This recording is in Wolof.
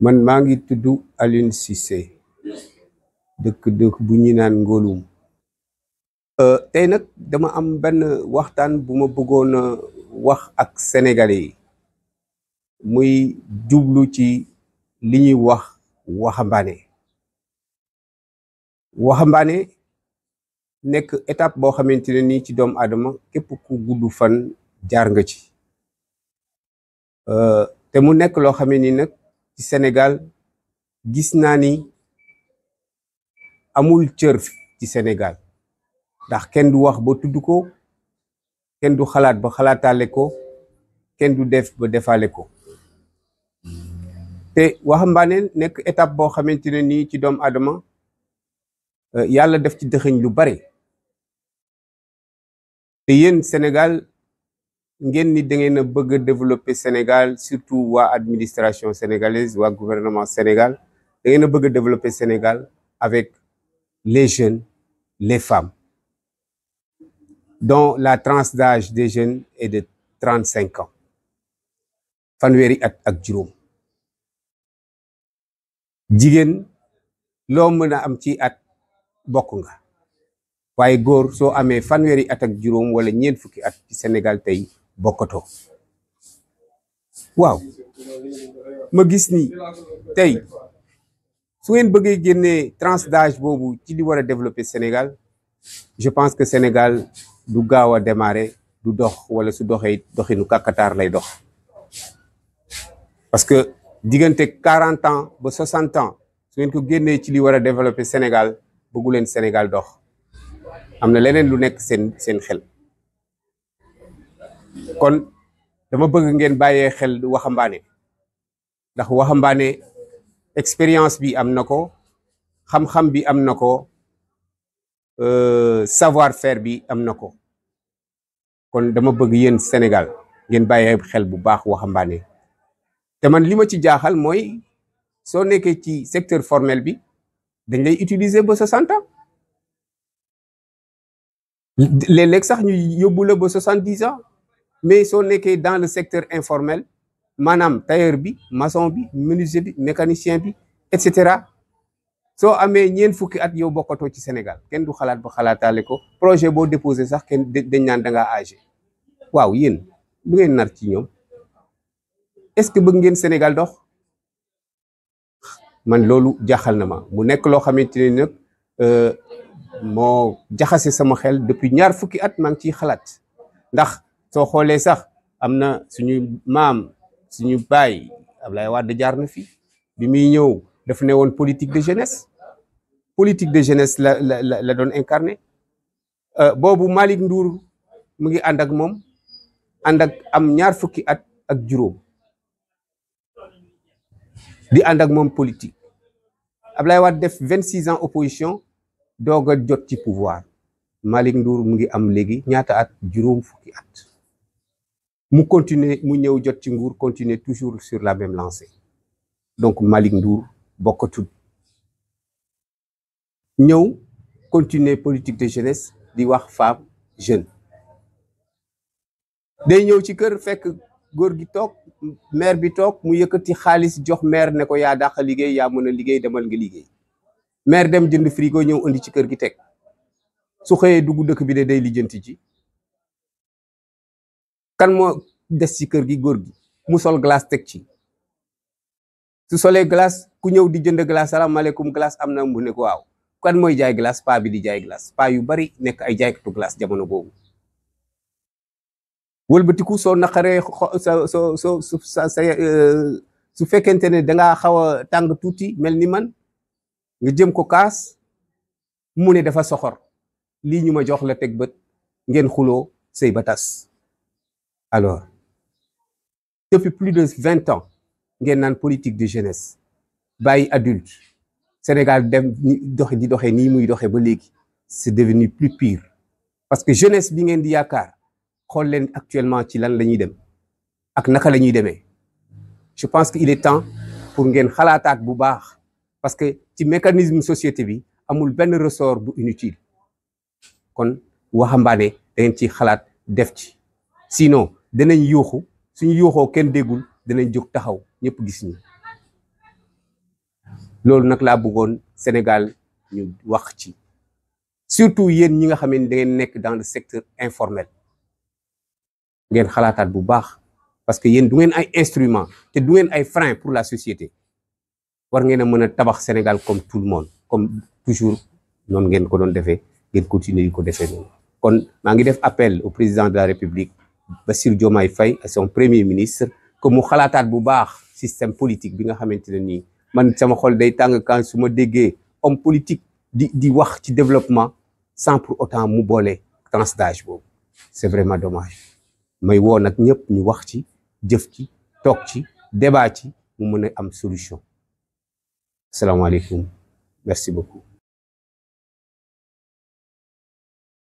man maa ngi tudd Alioune Cissé dëkk dëkk bu ñu naan Ngoloum euh, tey nag dama am benn waxtaan bu ma bëggoon a wax ak sénégalais yi muy jublu ci li ñuy wax waxambaane waxambaane nekk étape boo xamante ne nii ci doomu aadama képp ku gudd fan jaar nga ci euh, te mu nekk loo xam ni nii nag ci Sénégal gis naa ni amul cër ci Sénégal ndax kenn du wax ba tudd ko kenn du xalaat ba xalaataale ko kenn du def ba defaale ko te waxambaane nekk etap boo xamante ne nii ci doomu aadama euh, yàlla def ci dëxëñ lu bare te yéen Sénégal ngeen ni dangeen ngeen a bëgg a Sénégal surtout waa administration sénégalaise waa gouvernement Sénégal da ngeen a bëgg a développer Sénégal avec les jeunes les femmes donc la tranche d'âge des jeunes est de trente cinq ans fanweeri at ak juróom jigéen loo mën a am ci at bokk nga waaye góor soo amee fan weeri at ak juróom wala ñeent fukki at ci Sénégal tey bokkatoo waaw ma gis ni tey su ngeen bëggee génnee tranche d'âge boobu ci li war a développer Sénégal je pense que Sénégal du gaaw a démarrer du dox wala su doxee doxinu kàkkataar lay dox parce que diggante quarante ans ba soixante ans su ngeen ko génnee ci li war a développer Sénégal bëggu leen Sénégal dox am na leneen lu nekk seen seen xel kon dama bëgg ngeen bàyyee xel waxambaane ndax waxambaane expérience bi am na ko xam-xam bi am na ko euh, savoir faire bi am na ko kon dama bëgg yéen Sénégal ngeen bàyyee xel bu baax waxambaane te man li ma ci jaaxal mooy soo nekkee ci secteur formel bi dañ lay utiliser ba 60 ans léeg-léeg sax ñu yóbbu la ba 70 ans. mais soo nekkee dans le secteur informel maanaam tailleur bi mason bi menuisier bi mécanicien bi et cetera soo amee ñeent fukki at yow bokkatoo ci Sénégal kenn du xalaat ba xalaataale ko projet boo déposé sax kenn dañ naan danga age âgé waaw yéen lu ngeen nar ci ñoom est-ce que bëgg ngeen Sénégal dox man loolu jaxal na ma mu nekk loo xamante ne nag euh, moo jaxasee sama xel depuis ñaar fukki at maa ngi ciy xalaat ndax. soo xoolee sax am na suñu maam suñu baay Ablaye Wade jaar na fi bi muy ñëw daf ne woon politique de jeunesse politique de jeunesse la la la doon incarné euh, boobu Malick Ndour mu ngi ànd ak moom ànd ak am ñaar fukki at ak juróom di ànd ak moom politique Ablaye Wade def vingt six ans opposition doog a jot ci pouvoir Malick Ndour mu ngi am léegi ñaata at juróom fukki at mu continuer mu ñëw jot ci nguur continuer toujours sur la même lancée donc Malick Ndour bokkatul ñëw continuer politique de jeunesse di wax femme jeune day ñëw ci kër fekk góor gi toog maire bi toog mu yëkkati xaalis jox meer ne ko yaa dàq liggéey yaa mën a liggéey demal nga liggéey maire dem jënd frigo ñëw indi ci kër gi teg su xëyee dugg dëkk bi de day lijjanti ji kan moo des ci kër gi góor gi mu sol glace teg ci su solee glace ku ñëw di jënd glace salaamaaleykum glace am na mu ne ko waaw kan mooy jaay glace paa bi di jaay glace paa yu bari nekk ay jaaykatu glace jamono boobu wëlbatiku soo naqaree sa soo soo su eh, fekkente ne da xaw a tàng tuuti mel ni man nga jëm ko kaas mu ne dafa soxor lii ñu ma jox la teg bët ngeen xuloo sëy ba tas alors depuis plus de vingt ans ngeen naan politique de jeunesse bàyyi adulte Sénégal dem doxe di doxee nii muy doxee ba léegi c'est devenu plus pire parce que jeunesse bi ngeen di yaakaar xool leen actuellement ci lan la ñuy dem ak naka la ñuy demee je pense que il est temps pour ngeen xalaataat bu baax parce que ci mécanisme société bi amul benn ressort bu inutile kon waxambaane da ngeen ci xalaat def ci sinon dinañ yuuxu suñu yuuxoo kenn déggul dinañ jóg taxaw ñëpp gis ñu loolu nag laa bëggoon Sénégal ñu wax ci surtout yéen ñi nga xamee ne da ngeen nekk dans le secteur informel ngeen xalaataat bu baax parce que yéen du ngeen ay instrument te du ngeen ay frein pour la société war ngeen a mën a tabax Sénégal comme tout le monde comme toujours noonu ngeen ko doon defee ngeen continuer di ko defee noonu kon maa ngi def appel au président de la République Bassirou Diomaye Faye ak son premier ministre que mu xalaataat bu baax système politique bi nga xamante ne nii man sama xol day tàng kan su ma déggee om politique di di wax ci développement sans pour mu boole tranche d'âge boobu c'est vraiment dommage may woo nag ñëpp ñu wax ci jëf ci toog ci débat ci mu mën a am solution asalaamaaleykum merci beaucoup